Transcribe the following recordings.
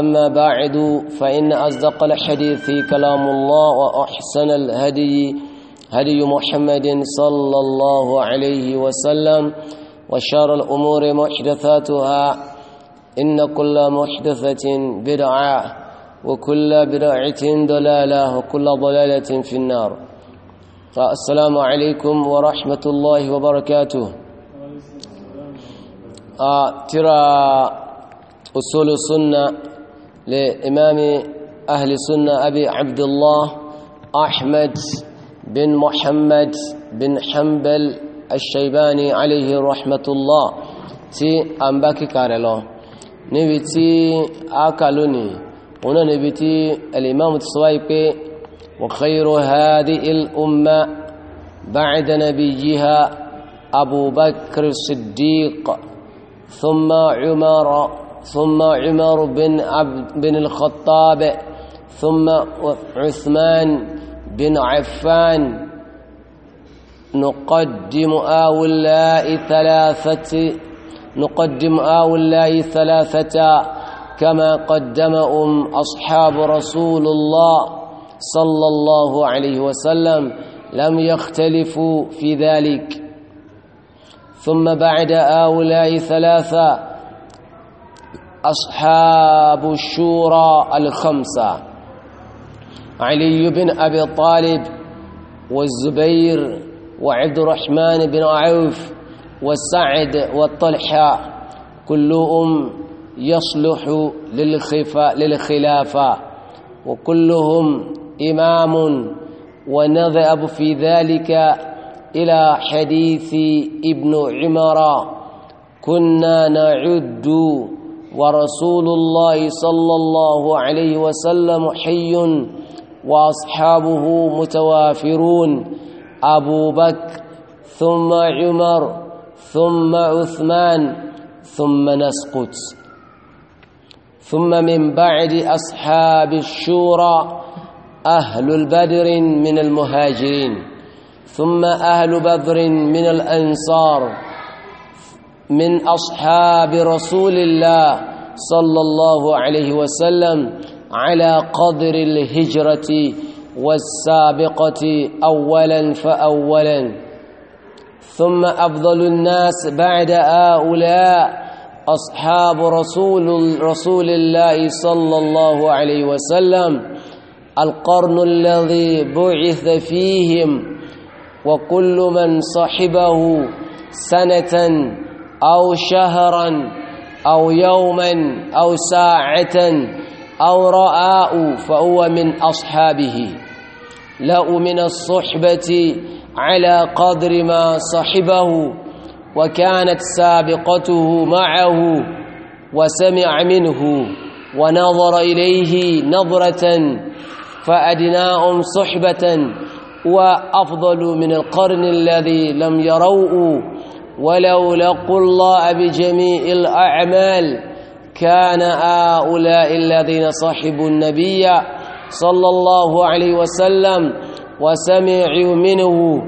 أما بعد فإن أصدق الحديث كلام الله وأحسن الهدي هدي محمد صلى الله عليه وسلم وشر الأمور محدثاتها إن كل محدثة بدعة وكل بدعة ضلالة وكل ضلالة في النار فالسلام عليكم ورحمة الله وبركاته آه، ترى أصول السنة لإمام أهل السنة أبي عبد الله أحمد بن محمد بن حنبل الشيباني عليه رحمة الله تي أنباكي كارلو نبتي آكالوني هنا تي الإمام الصويبي وخير هذه الأمة بعد نبيها أبو بكر الصديق ثم عمر ثم عمر بن عبد بن الخطاب ثم عثمان بن عفان نقدم أولاء ثلاثة نقدم أولاء ثلاثة كما قدمهم أصحاب رسول الله صلى الله عليه وسلم لم يختلفوا في ذلك ثم بعد هؤلاء ثلاثة أصحاب الشورى الخمسة علي بن أبي طالب والزبير وعبد الرحمن بن عوف والسعد والطلحة كلهم يصلح للخلافة وكلهم إمام ونذهب في ذلك إلى حديث ابن عمر كنا نعد ورسول الله صلى الله عليه وسلم حي وأصحابه متوافرون أبو بكر ثم عمر ثم عثمان ثم نسقط ثم من بعد أصحاب الشورى أهل البدر من المهاجرين ثم أهل بدر من الأنصار من أصحاب رسول الله صلى الله عليه وسلم على قدر الهجرة والسابقة أولا فأولا ثم أفضل الناس بعد هؤلاء أصحاب رسول رسول الله صلى الله عليه وسلم القرن الذي بعث فيهم وكل من صحبه سنة أو شهرا أو يوما أو ساعة أو رآء فهو من أصحابه لأ من الصحبة على قدر ما صحبه وكانت سابقته معه وسمع منه ونظر إليه نظرة فأدناهم صحبة وأفضل من القرن الذي لم يروه ولو لقوا الله بجميع الأعمال كان هؤلاء الذين صحبوا النبي صلى الله عليه وسلم وسمعوا منه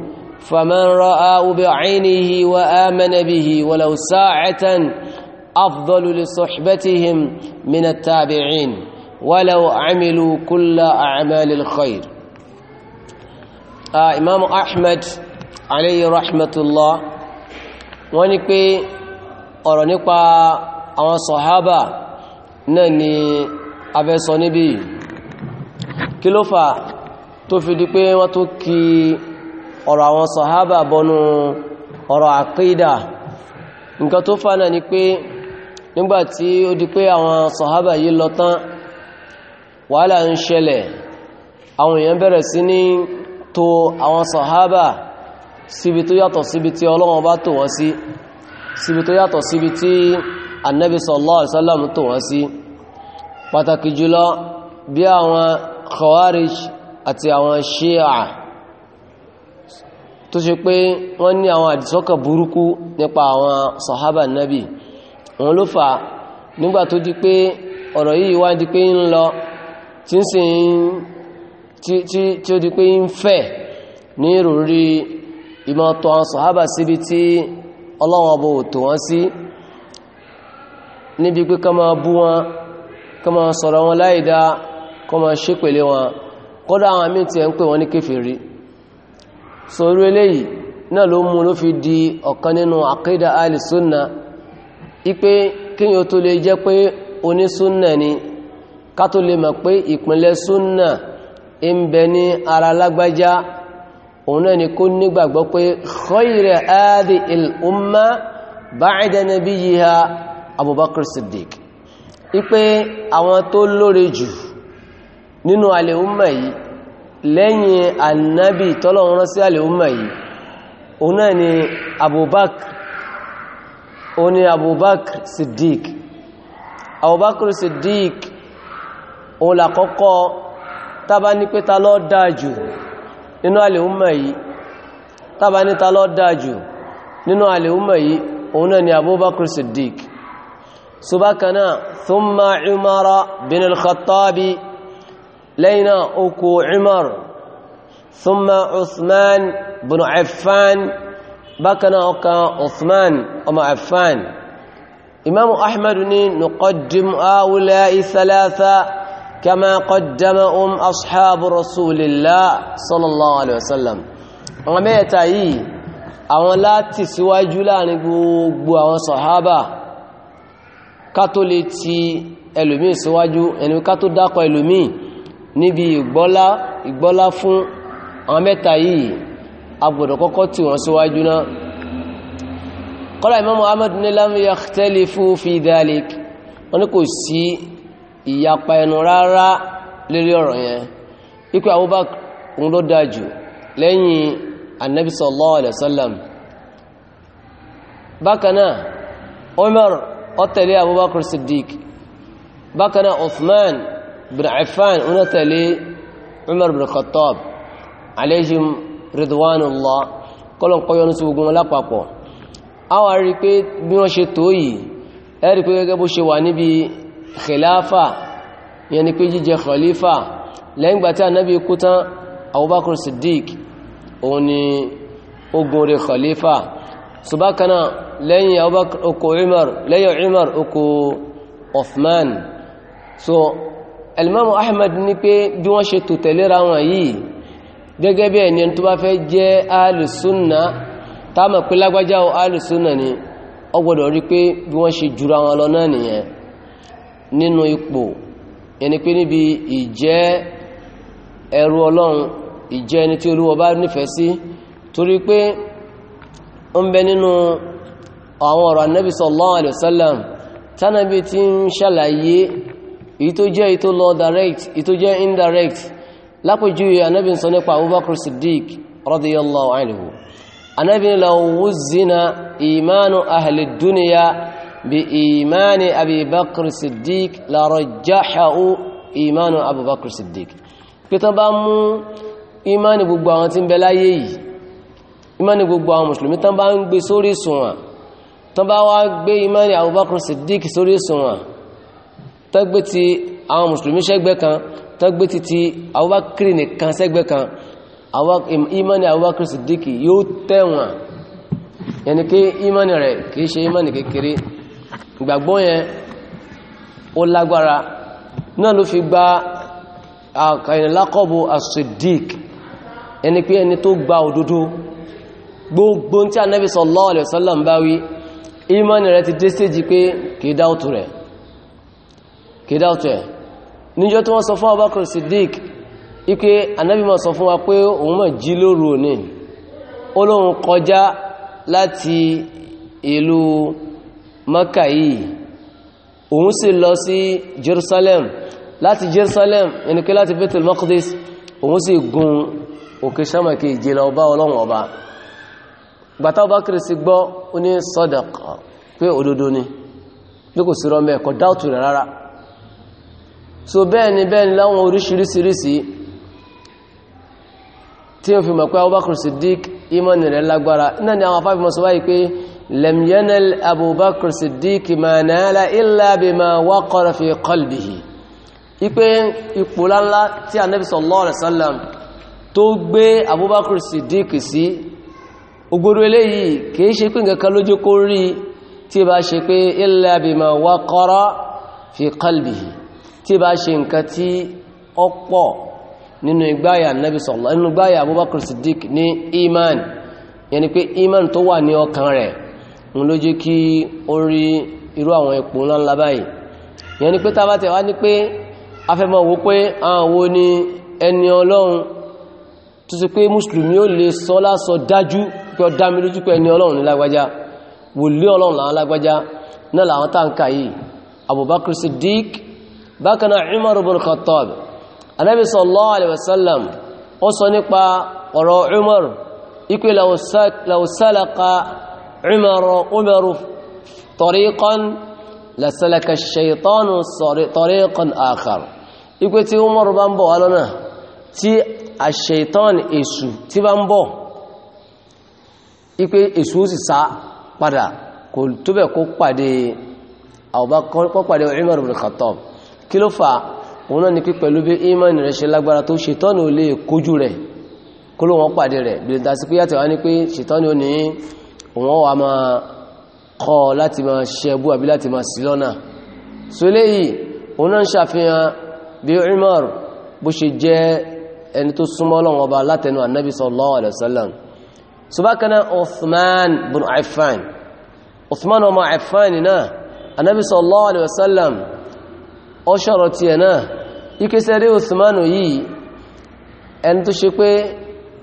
فمن رآه بعينه وآمن به ولو ساعة أفضل لصحبتهم من التابعين ولو عملوا كل أعمال الخير آه إمام أحمد عليه رحمة الله wọ́n ní pé ọ̀rọ̀ nípa àwọn sọ̀hábà náà ni abẹ́sọ níbi kí ló fà tó fi di pé wọ́n tó kí ọ̀rọ̀ àwọn sọ̀hábà bọnú ọ̀rọ̀ àkídà nǹkan tó fà náà ni pé nígbàtí ó di pé àwọn sọ̀hábà yìí lọ tán wàhálà ń ṣẹlẹ̀ àwọn èèyàn bẹ̀rẹ̀ sí ní tò àwọn sọ̀hábà síbi tó yàtọ̀ síbi tí Ọlọ́run bá tò wọ́n sí síbi tó yàtọ̀ síbi tí Ànábì sallallahu alaihi wasallam tò wọ́n sí pàtàkì jùlọ bí àwọn Khawarij àti àwọn Shia tó ṣe pé wọ́n ní àwọn àdìsọ́kà burúkú nípa àwọn sàhábà Ànábì wọn ló fà nígbà tó di pé ọ̀rọ̀ yìí wá di pé ń lọ tí ó di pé ń fẹ̀ ní ìròrí ìmọ̀ tọ́ àwọn sàhábà síbi tí ọlọ́wọ́n bó tò wọ́n sí níbi pé ká máa bú wọn ká máa sọ̀rọ̀ wọn láìdá ká máa ṣépèlé wọn kódà àwọn amí tí ẹ ń pè wọ́n ní kèfèrí sórí eléyìí náà ló mú ló fi di ọ̀kan nínú àkídà alìsúnna ipé kíyàn tó lè jẹ́ pé onísúnna ni ká tó lè mọ̀ pé ìpínlẹ̀ súnna ń bẹ ní ara lágbájá òun náà ni kó nígbàgbọ́ pé khayra áàdì il-umma ba'da nabiyyiha abubakar siddiq ipé àwọn tó lóore jù nínú al-umma yìí lẹ́yìn annabi tọ́lọ̀wọ́n rán sí al-umma yìí òun náà ni abubakar òun abubakar siddiq abubakar siddiq òun làkọ́kọ́ tàbá ní pé ta ló dáa jù nínú àlèhúnmọ̀ yìí tàbá níta lọ dájú nínú àlèhúnmọ̀ yìí òun náà ni abubakar siddiq subakana thumma umara bin al-khattabi lẹ́yìnà okò umar thumma usman bin affan bákaná ọka usman ọmọ affan imamu ahmadu ni nuqaddim awula isalasa كما قدمهم أصحاب رسول الله صلى الله عليه وسلم àwọn mẹ́ta yìí àwọn láti síwájú láàrin gbogbo àwọn sọ̀hábà ká tó lè ti ẹlòmí síwájú ẹni ká tó dákọ̀ ẹlòmí níbi ìgbọ́lá ìgbọ́lá fún àwọn mẹ́ta yìí agbọ̀dọ̀ kọ́kọ́ tí wọ́n síwájú náà kọ́lá Imam Ahmad ní lam fi dhalik wọ́n ní kò ìyapa ẹnu rárá lérí ọ̀rọ̀ yẹn ikú Abubakar òun ló dáa jù lẹ́yìn anabi sallallahu alayhi wa sallam bákanáà Umar ó tẹ̀lé Abubakar Siddiq bákanáà Uthman bin Affan òun ó tẹ̀lé Umar bin Khattab alayhim ridwanullah kọ́lọ̀ kọ́yọ́ ní sí gbogbo lápapọ̀ a rí pé bí wọ́n ṣe tó yìí ẹ́ pé gẹ́gẹ́ bó ṣe wà níbi khilafa yẹn ni pé jíjẹ khalifa lẹ́yìn gbàtí ànábì kú tán Abubakar Siddiq òun ni ogun rẹ̀ khalifa subakana lẹ́yìn Abubakar oko Umar lẹ́yìn Umar oko Uthman so al Ahmed Ahmad ní pé bí wọ́n ṣe tò tẹ̀léra wọn yìí gẹ́gẹ́ bí ẹni tó bá fẹ́ jẹ́ alùsúnnà táàmà pé lágbájá alùsúnnà ni ó gbọ́dọ̀ rí pé bí wọ́n ṣe jura wọn lọ náà nìyẹn nínú ipò ẹni pé níbi ìjẹ́ ẹrú ọlọ́run ìjẹ́ ẹni tí olúwa bá nífẹ̀ẹ́ sí torí pé ó ń bẹ nínú àwọn ọ̀rọ̀ anábì sallallahu alaihi wasallam tánàbí ti ń ṣàlàyé èyí tó jẹ́ èyí tó lọ direct èyí tó jẹ́ indirect lápòjúwe anábì nípa Abubakar Siddiq radiyallahu anhu anábì law wuzzina imanu ahli بإيمان أبي بكر الصديق لرجحه إيمان أبو بكر الصديق كتبا مو إيمان أبو تنبلا يي إيمان بقبوان مسلم تنبا نبي سوري سوا تنبا وقبي إيمان أبو بكر الصديق سوري سوا تقبي تي àwọn mùsùlùmí sẹ́gbẹ́ kan tọ́gbé títí àwọ́bákiri nìkan sẹ́gbẹ́ إيمان أبو بكر Siddiqi yóò يعني yẹni kí ìmọ́ni rẹ̀ kìí ṣe ìmọ́ni kékeré ìgbàgbọ́ yẹn ó lágbára náà ló fi gba àkàìlákọ̀bù as-siddiq ẹni pé ẹni tó gba òdodo gbogbo tí Ànábì sallallahu alaihi wasallam bá wí ìmánì rẹ̀ ti dé stéjì pé kìí dáútù rẹ̀ kìí dáútù ẹ̀ níjọ́ tí wọ́n sọ fún Abubakar Siddiq ike Ànábì ma sọ fún wa pé òun mọ̀ jí lóru òní olóhun kọjá láti ìlú maka yìí òun sì lọ sí jerusalem láti jerusalem ẹnikí láti bethel maqdis òun sì gun òkè sàmàkì ìjìlá ọba ọlọ́wọ̀n ọba gbàtà ọba kìrìsì gbọ́ ó ní sadaqa pé òdodo ni bí kò sí rọmọ ẹ̀kọ́ dáùtù rẹ̀ rárá so bẹ́ẹ̀ ni láwọn oríṣiríṣiríṣi tí ó fi mọ̀ pé ọba kìrìsì dík ìmọ̀ nìrẹ̀ lágbára náà ni àwọn afáfimọ̀ sọ wáyé pé لم ينل أبو بكر الصديق ما نال إلا بما وقر في قلبه ipe ipò lánlá tí Ànábì sallallahu alaihi wasallam tó gbé Abubakar Siddiq sí ogboro eléyìí kìí ṣe pé nǹkan kan lójú kó rí tí bá ṣe pé illa bima waqara fi qalbihi tí bá ṣe nǹkan tí ó pọ̀ nínú igbáyà Ànábì sallallahu nínú igbáyà Abubakar Siddiq ní iman yẹni pé iman tó wà ní ọkàn rẹ̀ òun ló jẹ́ kí ó rí irú àwọn ipò ńláńlá báyìí yẹn ni pé tábà tẹ̀ wá ní pé afẹ́mọ̀ wo pé àwọn wo ni ẹni ọlọ́run tó sì pé mùsùlùmí ó lè sọ lásọ dájú pé ó dá lójú pé ẹni ọlọ́run lágbájá wòlé ọlọ́run lágbájá náà Siddiq bákan Umar ibn Khattab anabi sallallahu alaihi wasallam ó sọ nípa ọ̀rọ̀ Umar ikú lausalaqa عمر عمر طريقا لسلك الشيطان طريقا آخر ipe tí umar bá ń bọ̀ wá lọ́nà tí àṣetán èṣù tí bá ń bọ̀ ipe èṣù ó sì sá padà kò tó bẹ̀ kó pàdé Abubakar kó pàdé Umar ibn Khattab kí ló fà òun náà ni pé pẹ̀lú bí imani rẹ̀ ṣe lágbára tó ṣetán ò lè kojú rẹ̀ kó ló wọn pàdé rẹ̀ bí i dásí pé yàtọ̀ wá ní pé ṣetán ò ní wọ́n wà máa kọ́ láti máa ṣẹbú àbí láti máa sí lọ́nà so léyìí òun náà ń ṣàfihàn bí Umar bó ṣe jẹ́ ẹni tó súnmọ́ Ọlọ́run ọba látẹnu ànábì sallallahu alaihi wasallam so bákaná Uthman bin Affan Uthman ọmọ Affan náà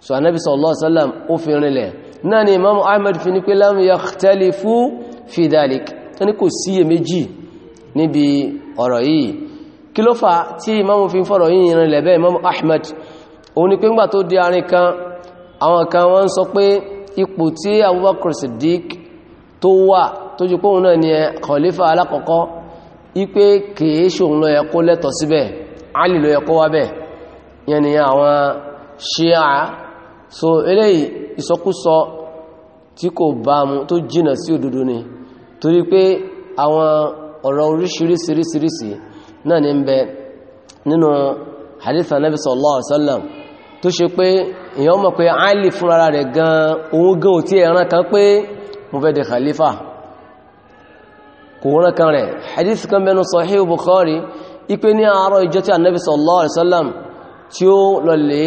so anabi sallallahu alaihi wasallam ó fi rinlẹ̀ náà ni imam ahmed fi ní pé lam yakhtalifu fi dhalik tó ní kò síye méjì níbi ọ̀rọ̀ yìí kí ló fà tí imam fi ń fọ̀rọ̀ yìí rinlẹ̀ bẹ́ imam ahmed ó ní pé ńgbà tó di arin kan àwọn kan wọ́n sọ pé ipò tí abubakar siddiq tó wà tó jù póhun náà ni khalifa alákọ̀ọ́kọ́ ipé kìí ṣòun ló yẹ kó lẹ́tọ̀ síbẹ̀ ali ló yẹ kó wá bẹ̀ yẹn ni àwọn shia so eléyìí ìsọkúsọ tí kò bá mu tó jìnà sí òdodo ni torí pé àwọn ọ̀rọ̀ oríṣiríṣiríṣiríṣi náà ní ń bẹ nínú hadith anabi sallallahu alaihi wasallam tó ṣe pé èèyàn mọ̀ pé Ali fúnra rẹ̀ gan òun gan ò tí ẹran kan pé mo fẹ́ di khalifa kò rán kan rẹ̀ hadith kan bẹnu sahih Bukhari ipe ní àárọ̀ ìjọ tí anabi sallallahu alaihi tí ó lọ lè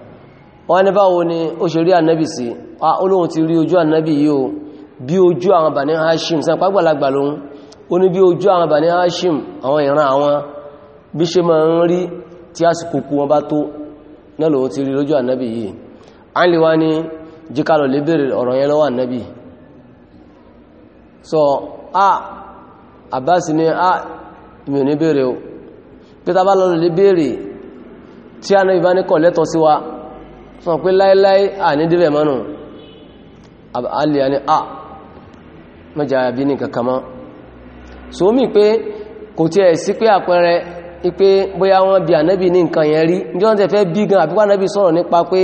wọ́n ní báwo ni ó ṣe rí ànábì sí olóhun ti rí ojú ànábì yìí bí ojú àwọn Bani Hashim sápá gbàlagbà lóhun ó ní bí ojú àwọn Bani Hashim àwọn ìran àwọn bí ṣe máa ń rí tí àsìkò kú wọn bá tó náà lòun ti rí lójú ànábì yìí so a Abbas ni a mi ò ní bèèrè o pé tá sọ pé láíláí à ní débẹ̀ mọ́nù alìyà ni a mẹ́jà àbí ní kankan mọ́ so mi pé kò tí ẹ̀ sí pé àpẹẹrẹ ipé bóyá wọ́n bí ànábì ní nǹkan yẹn rí ní wọ́n tẹ́ fẹ́ bí gan àbíkọ́ ànábì sọ̀rọ̀ nípa pé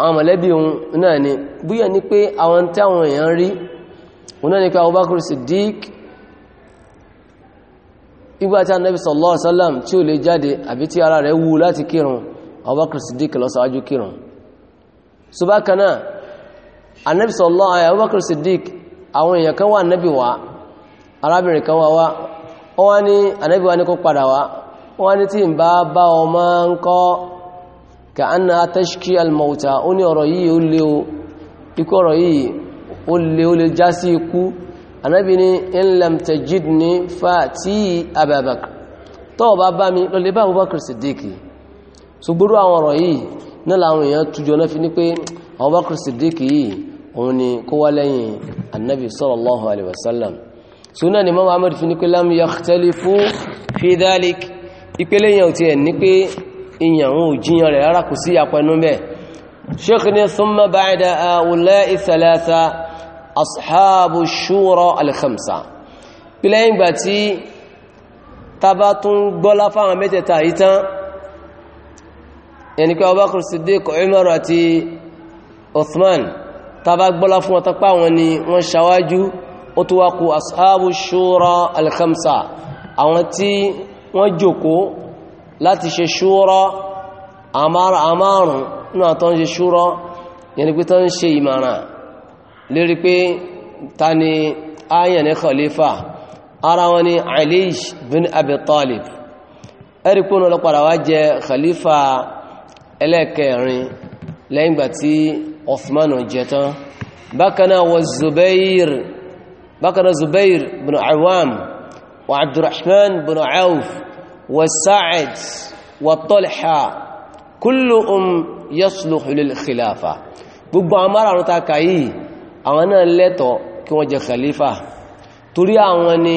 àwọn mọ̀lẹ́bí òun náà ni bóyá ní pé àwọn tí àwọn èèyàn rí òun náà ni pé Abubakar so bákan náà anabi sallallahu alaihi abubakar siddiq àwọn èèyàn kan wá anabi wá arábìnrin kan wá wá wọ́n wá ní anabi wá ní kó padà wá wọ́n wá ní tí ń bá bá ọmọ ń kọ́ ka anna tashki al-mauta ó ní ọ̀rọ̀ yìí ó o ikú ọ̀rọ̀ yìí ó lé ó lè já sí ikú anabi ní in lam tajidni fa'ti ababakar tọ́ọ̀ bá bá mi lọ lè bá abubakar siddiq ṣùgbọ́rọ̀ àwọn ọ̀rọ̀ yìí náà làwọn èèyàn tújọ náà fi ní pé Abubakar Siddiq yìí òun ni kó wá lẹ́yìn annabi sallallahu alaihi wasallam suna ni mama ahmed fi ní pé lam yakhtalifu fi dhalik ìpele yẹn ò ti ẹ̀ ní pé ìyàn ò jíyàn rẹ̀ rárá kò sí àpẹnu mẹ́ tabatun gbọ́lá fáwọn mẹ́tẹ̀ẹ̀ta yìí yẹni pé Abubakar Siddiq Umar àti Uthman tàbá gbọ́lá fún ọ̀tọ́ pà wọn ni wọ́n ṣàwájú ó tó wá kú ashabu shura al-khamsa àwọn tí wọ́n jòkó láti ṣe shura àmárùn náà tó ń ṣe shura yẹni pé tó ń ṣe ìmọ̀ràn lérí pé ta ni ayan ni khalifa ara wọn ni Ali bin Abi ẹ̀rí pé wọn lọ wá jẹ khalifa ẹlẹ́ẹ̀kẹrin lẹ́yìn ìgbà tí Uthman jẹ tán bákanáà wọ Zubair bákanáà Zubair bin Awam wa Abdurrahman bin Auf wa Sa'id wa Talha kulluhum yasluhu lil khilafa gbogbo àwọn márààrún ta kàyí àwọn náà lẹ́tọ̀ọ́ kí wọ́n jẹ khalifa torí àwọn ni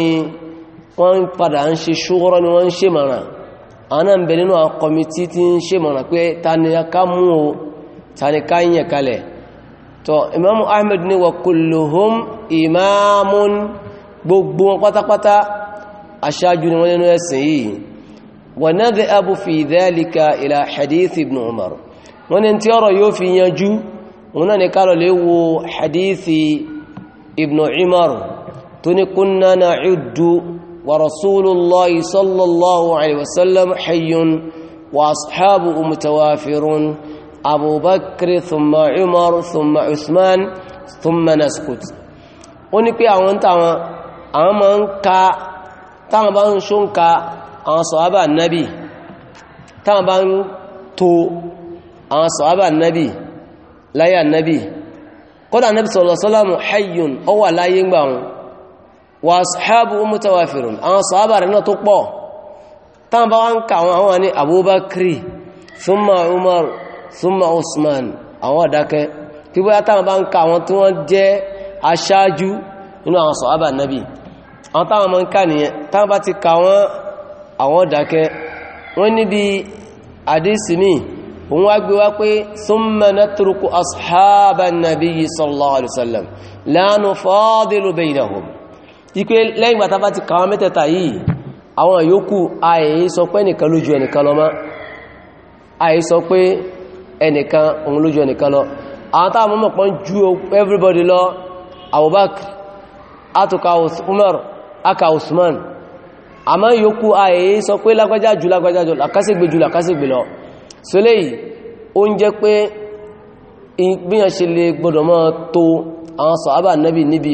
wọ́n padà ń ṣe ṣúgbọ́rọ́ ni wọ́n ń ṣe màràn àwọn ń bẹ nínú àwọn kọmití tí ń ṣe mọ̀nà pé tàníká mú o tàníká yẹ kalẹ̀ tó imamu ahmed ní wa kulluhum imamun gbogbo wọn pátápátá aṣáájú ni wọ́n nínú ẹ̀sìn yìí wa nadhabu fi dhalika ila hadith ibn umar wọ́n ni tí ọ̀rọ̀ yóò fi yanjú wọn náà ni ورسول الله صلى الله عليه وسلم حي وأصحابه متوافر أبو بكر ثم عمر ثم عثمان ثم نسكت ó ní pé àwọn táwọn àwọn máa ń ka táwọn bá ń ṣóǹka àwọn sọ̀hábà nábì táwọn bá ń to àwọn sọ̀hábà nábì láyà nábì kódà nábì sallallahu alaihi wasallam hayyun ó wà láyé ń gbà wọn wa ashabu mutawafirun àwọn sahaba rẹ̀ náà tó pọ̀ tán bá wọ́n ká àwọn àwọn ní abubakri thumma umar thumma usman àwọn àdákẹ́ tí bóyá tán bá ń ká àwọn tí wọ́n jẹ́ aṣáájú inú àwọn sahaba nabi àwọn táwọn mọ́ ń ká nìyẹn tán ti ká àwọn àdákẹ́ wọ́n níbi àdísìmí òun wá gbé wá pé thumma natruku ashaban nabi sallallahu alaihi wasallam la nufadilu bainahum ipe lẹ́yìn gbàtà bá ti kàwọn mẹ́tẹ̀ta yìí àwọn yòókù àìyí sọ pé ẹnìkan lójú ẹnìkan lọ mọ́ àìyí sọ pé ẹnìkan òun lójú ẹnìkan lọ àwọn táà mọ́mọ̀ pọ́n ju everybody lọ Abubakar atuka Umar aka Usman àmọ́ yòókù àìyí sọ pé lágbájá jù lágbájá jù làkásígbè jù làkásígbè lọ so léyìí ó ń jẹ́ pé gbíyànṣe lè gbọdọ̀ mọ́ tó àwọn sàhábà Nábì níbi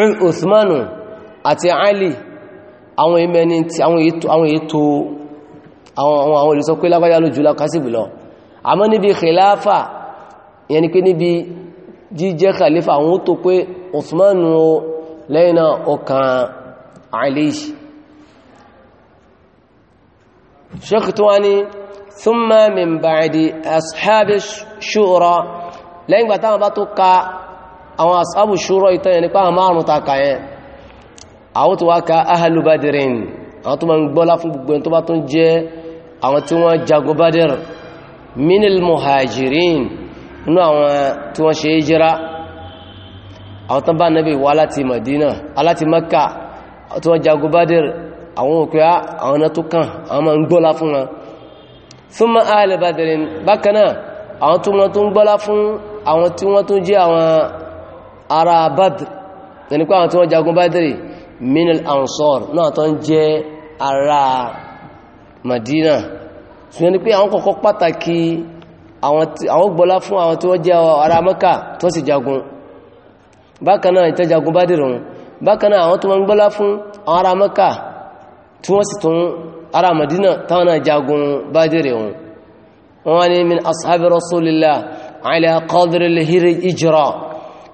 Uthmanu àti Ali àwọn ìmẹ́ni tí àwọn ètò àwọn olùsọ pé lágbàjá lójú lákásìbì lọ àmọ́ níbi khilafa yẹni pé níbi jíjẹ́ khalifa àwọn tó pé Uthmanu lẹ́yìn náà ọkàn Ali Sheikh tó wá ní thumma min ba'di ashabi shura lẹ́yìn gbàtàwọn bá tó ka àwọn asábù ṣúrọ̀ ìtàn yẹn nípa àwọn márùn takà yẹn àwọn tó wá ka ahàlù badirin àwọn tó ma ń gbọ́lá fún gbogbo tó bá tún jẹ́ àwọn tí wọ́n jagun badir minil muhajirin inú àwọn tí wọ́n ṣe é jira àwọn tán bá nabi wá láti madina aláti makka tí wọ́n jagun badir àwọn òkè ah, àwọn náà tó kàn àwọn ma ń gbọ́lá fún wọn thumma ahàlù badirin bákanáà àwọn tó wọ́n tó gbọ́lá fún àwọn tí wọ́n tó jẹ́ àwọn ara badr ẹni pé àwọn tí wọ́n jagun badri minal ansor náà tó ń jẹ́ ara madina ṣùgbọ́n ni pé àwọn kọ̀kọ́ pàtàkì àwọn gbọ́lá fún àwọn tí wọ́n jẹ́ ara mẹ́kà tó sì jagun bákan náà ìtẹ́ jagun badri rùn bákan náà àwọn tó wọ́n gbọ́lá fún àwọn ara wọ́n ni min ashabi rasulillah ala qadri al-hijra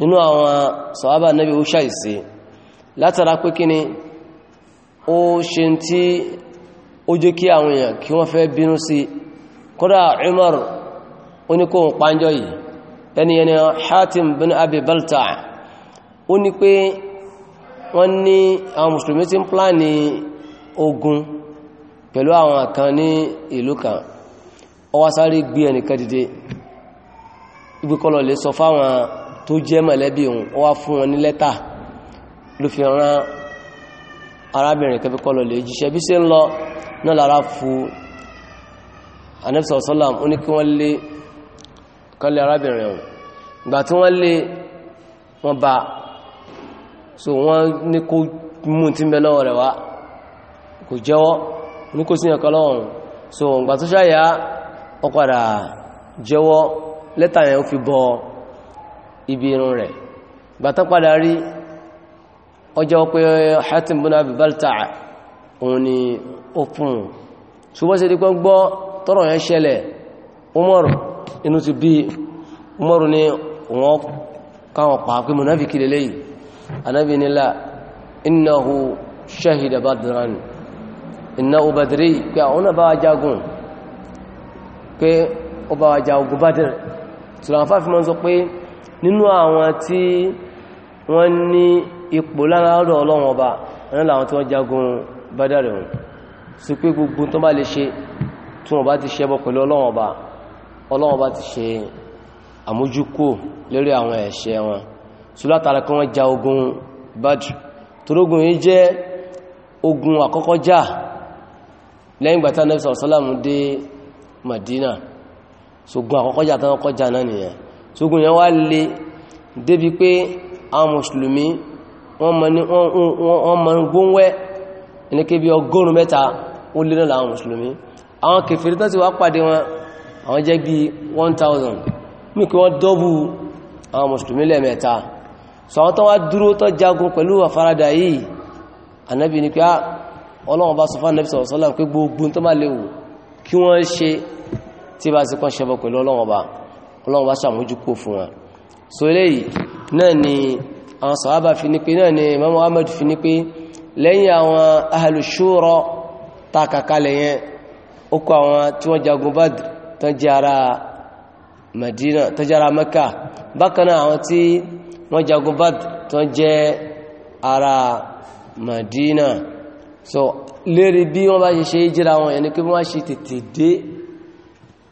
nínú àwọn sọ̀hábà nẹ́bí ó ṣàìsí látara pé kí ni ó ṣe tí ó jẹ́ kí àwọn èèyàn kí wọ́n fẹ́ bínú sí kódà Umar oníkóhun pánjọ́ yìí ẹni ẹni Hatim bin Abi Balta ó ní pé wọ́n ní àwọn mùsùlùmí ti ń pláàni ogun pẹ̀lú àwọn kan ní ìlú kan ó wá sáré gbé ẹnìkan dìde ibi kọlọ̀ lè sọ fáwọn tó jẹ́ mọ̀lẹ́bí òun ó wá fún wọn ní lẹ́tà ló fi rán arábìnrin kẹfẹ́ kọ́ lọ lè jíṣẹ́ bí ṣe ń lọ náà lára fu anẹ́bísọ̀ ó ní kí wọ́n lé kọ́lé arábìnrin òun ìgbà tí wọ́n lé wọ́n bá so wọ́n ní kó mú tí mẹ́ lọ́wọ́ rẹ̀ wá kò jẹ́wọ́ ní kó síyàn kọlọ́wọ́n so ìgbà tó ṣáyà ó padà jẹ́wọ́ lẹ́tà ibi irun rẹ̀ bàtán padà rí ọjọ́ pé Hatim bin Abi Balta'a òun ni ó fún ṣùgbọ́n sí dípọ́ gbọ́ tọ́rọ yẹn ṣẹlẹ̀ Umar inú ti bí Umar ni wọ́n káwọn pàá pé munafiki lè léyìí anábi nílá shahida badran innahu badri pé àwọn bá jagun pé ó bá jagun Badr ṣùgbọ́n mọ́ sọ pé nínú àwọn tí wọ́n ní ipò lára ọ̀dọ̀ ọlọ́run ọba ẹ̀rìn làwọn tí wọ́n jagun bádàrẹ̀ hùn sí pé gbogbo tó bá lè ṣe tí wọ́n bá ti ṣẹbọ pẹ̀lú ọlọ́run ọba ọlọ́run ọba ti ṣe àmójúkò lórí àwọn ẹ̀ṣẹ̀ wọn ogun bádù torógun lẹ́yìn gbàtà nẹ́bí sọ̀rọ̀sọ́làmù dé Madina sogun àkọ́kọ́ jà tán kọjá náà nìyẹn ṣogun yẹn wá lè débi pé àwọn mùsùlùmí wọ́n ma ń gúnwẹ́ ẹnikẹ́ bí ọgọ́rùn mẹ́ta ó lé náà àwọn mùsùlùmí àwọn kèfèrí tó ti wá pàdé wọn àwọn jẹ́ bí 1000 mú kí wọ́n dọ́bù àwọn mùsùlùmí lẹ́mẹ́ta so àwọn tó wá dúró tó jagun pẹ̀lú àfaradà yìí anábì ni pé á ah, bá ọlọ́run wá sàmójúkò fún wa so eléyìí náà ni àwọn sàhábà fi ní pé náà ni Imam Ahmad fi ní pé lẹ́yìn àwọn ahlu shura ta kàkalẹ̀ àwọn tí wọ́n jagun Badr tán jẹ́ ara Madina tán jẹ́ ara Mẹ́kà bákan náà àwọn tí wọ́n jagun Badr tán jẹ́ ara Madina so lérí bí wọ́n bá ṣe ṣe jíra wọn yẹn ni pé wọ́n ṣe tètè dé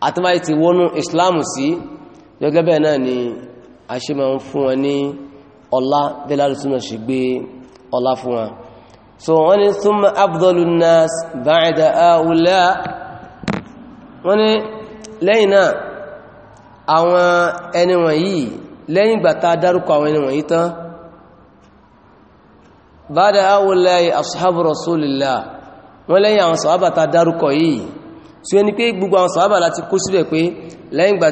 àtúbáyé ti wọnú Islam sí si, gẹ́gẹ́ bẹ́ẹ̀ náà ni a ṣe máa ń fún wọn ní ọlá bẹ́láàrù súnmọ̀ ṣe gbé ọlá fún wọn so wọ́n ni súnmọ̀ abdullu nas ba'da awula wọ́n ni lẹ́yìn náà àwọn ẹni wọ̀nyí lẹ́yìn ìgbà tá dárúkọ àwọn ẹni wọ̀nyí tán ba'da awula ashabu rasulillah wọ́n lẹ́yìn àwọn sàhábà tá dárúkọ yìí tí ó ní pé gbogbo àwọn sàhábà láti kó síbẹ̀ pé lẹ́yìn ìgbà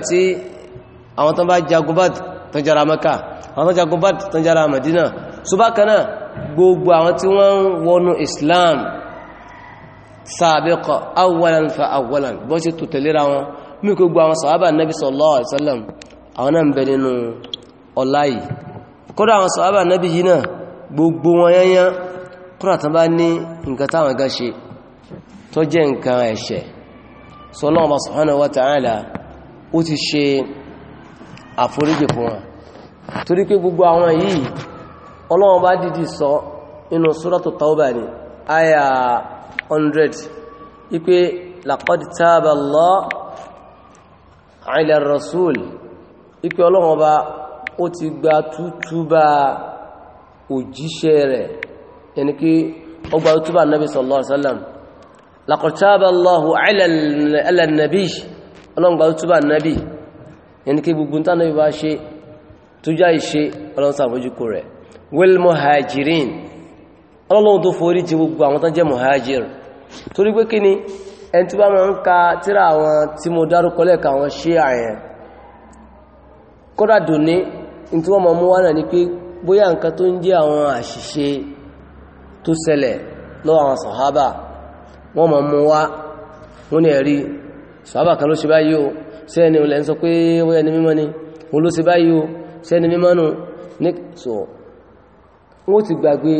àwọn tó bá jagun bad tó jara maka àwọn tó jagun bad tó jara madina so bákaná ah, gbogbo àwọn tí wọ́n wọnú islam sàbẹ́kọ̀ awalan fa awalan bọ́ sí tó tẹ̀lera wọn mí kò gbogbo àwọn sàábà nabi sallallahu alaihi wasallam àwọn nabi yìí náà gbogbo wọn yányán kúrò tán bá ní nǹkan táwọn gan ṣe tó jẹ́ nǹkan ẹ̀ṣẹ̀ sọ́lọ́wọ́ subhanahu wa ta'ala ó ti ṣe àforíjì fún wọn torí pé gbogbo àwọn yìí Ọlọ́run bá dìdì sọ inú Suratu Tawba ni àyà 100 ipé laqad taba Allah ala rasul ipé Ọlọ́run bá ó ti gba tútúbà òjíṣẹ́ rẹ̀ ẹni kí ó gba tútúbà nabi sallallahu alaihi ẹni kí gbogbo tánà bí bá ṣe tó já ìṣe ọlọ́nsà rẹ̀ wal muhajirin ọlọ́lọ́wọ́ tó forí ti gbogbo àwọn tán jẹ́ muhajir torí pé kí ni ẹni tí bá máa ń ka tíra àwọn tí mo dárúkọ lẹ́ka àwọn ṣe àyẹn kódà dòní tí wọ́n máa mú wá náà ni pé bóyá nǹkan tó ń jẹ́ àwọn àṣìṣe tó ṣẹlẹ̀ lọ́wọ́ àwọn sàhábà wọ́n máa mú wá wọ́n ní ẹ̀rí sàhábà kan ló ṣe báyìí sẹ́ni olè ń sọ pé wọ́n ni mímọ́ ni wọ́n ló ṣe báyìí o sẹ́ni mímọ́ nù ní sọ wọ́n ti gbàgbé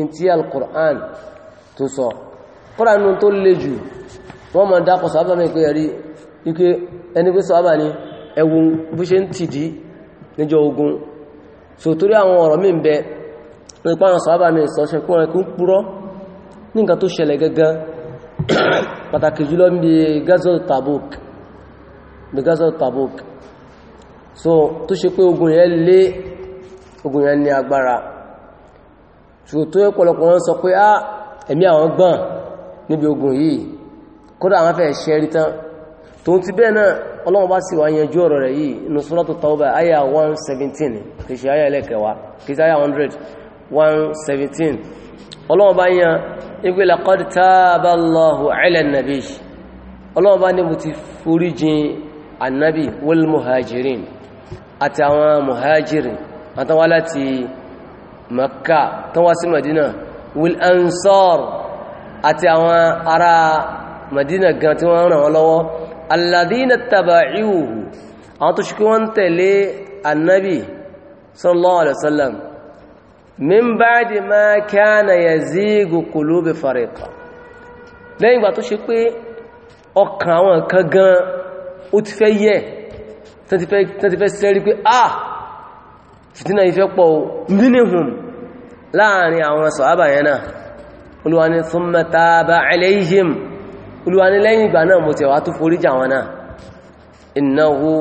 in tí al-Qur'an tó sọ kọ́ránù tó le jù wọ́n ma dákọ̀ sọ́ábà mẹ́ pé ẹ̀rí ike ẹni pé sọ́ábà ni ẹwùn bó ṣe ń tìdí níjọ ogun so torí àwọn ọ̀rọ̀ pàtàkì jùlọ ń bí gazelle Tabuk ní gaza Tabuk so tó ṣe pé ogun yẹn lé ogun yẹn ní agbára ṣùgbọ́n tó yẹ pọ̀lọpọ̀ wọn sọ pé ah ẹ̀mí àwọn gbọ́n níbi ogun yìí kódà àwọn fẹ́ ṣẹ́rí tán tó ti bẹ́ẹ̀ náà ọlọ́wọ́ bá sì wá yanjú ọ̀rọ̀ rẹ̀ yìí Tauba àyà 117 kìí ṣe àyà ẹlẹ́kẹwàá kìí ṣe àyà 100 117 ọlọ́wọ́ bá yan ibi laqad Allahu ala nabi ọlọ́wọ́ bá ní mo ti foríjìn annabi wal muhajirin àti àwọn muhajirin àtàwà láti makka tán wá sí madina wal ansar àti àwọn ará madina gan tí wọ́n ràn wọ́n lọ́wọ́ alladhina taba'uhu àwọn tó ṣíkí wọ́n tẹ̀lé annabi sallallahu alaihi wasallam min ba'di ma kana yazigu qulubi fariqa lẹ́yìn ìgbà tó ṣe pé ọkàn àwọn kan gan ó ti fẹ́ yẹ tán ti fẹ́ sẹ́rí pé ah fìtínà ìfẹ́ pọ̀ mínihùn láàrin àwọn sọ̀hábà yẹn náà olúwa ni thumma taba alayhim olúwa ni lẹ́yìn ìgbà náà mo tẹ̀wà tó forí jà wọn náà innahu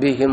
bihim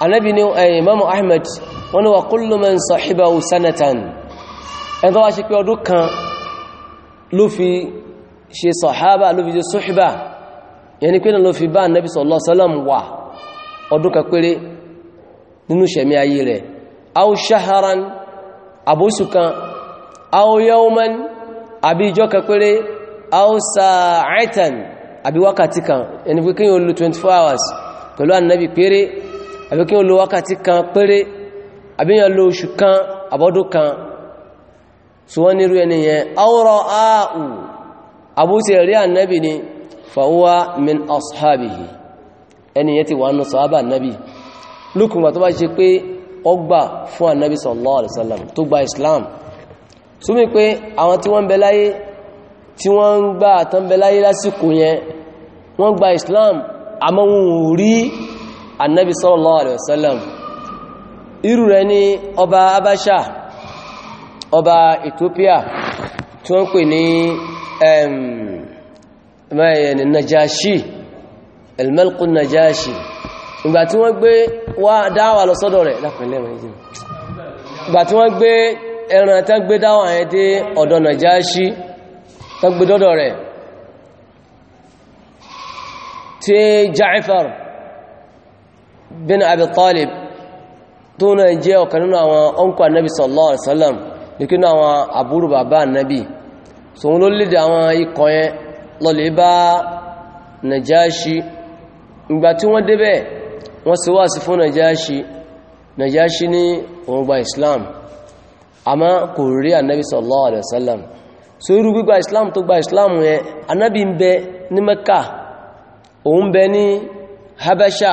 anábi ni eh, imamu ahmed wọ́n ni wà kullu man sahibahu sanatan ẹni tó wá ṣe pé ọdún kan ló fi ṣe sahaba ló fi ṣe suhiba yẹni pé náà ló fi bá anábi sallallahu alaihi wasallam wà ọdún kan péré nínú ṣẹ̀mí ayé rẹ̀ aw shahran àbóṣù kan aw yawman àbí ìjọ kan péré aw sa'atan àbí wákàtí kan yẹni pé kíyàn lu 24 hours pẹ̀lú annabi péré àbí kí o lo wákàtí kan péré àbí yàn lo oṣù kan àbọ́dún kan so wọ́n nírú ẹni yẹn awọ́rọ̀ áàù àbútí rí ànábì ni fàwọ́wá min ashabihi ẹni yẹn ti wà nù sọ́ábà ànábì lókùnbà tó bá ṣe pé ọgbà fún ànábì sallallahu alaihi wasallam tó gba islam gbà àtàn bẹ láyé lásìkò annabi sallallahu alaihi wasallam irú rẹ̀ ni ọba abasha ọba ethiopia tí wọ́n pè ní ẹ̀mẹ́yẹni najashi elmelku najashi ìgbà tí wọ́n gbé wá dáwà lọ sọ́dọ̀ rẹ̀ lápẹ̀lẹ̀ wọ́n yìí ìgbà tí wọ́n gbé ẹran tán gbé dáwà yẹn dé ọ̀dọ̀ najashi tán gbé dọ́dọ̀ rẹ̀ tí Ja'far bin abi talib tó náà jẹ́ ọ̀kan nínú àwọn ọkọ̀ anabi sallallahu alaihi wasallam nìkínú àwọn àbúrò bàbá anabi sòun ló lédè àwọn ikọ̀ yẹn lọlẹ̀ bá najashi ìgbà tí wọ́n débẹ̀ wọ́n sì wá sí fún najashi najashi ní òun gba islam àmá kò rí anabi sallallahu alaihi wasallam so irú gbígba islam tó gba islam yẹn anabi ń bẹ ní mẹ́kà òun bẹ ní habasha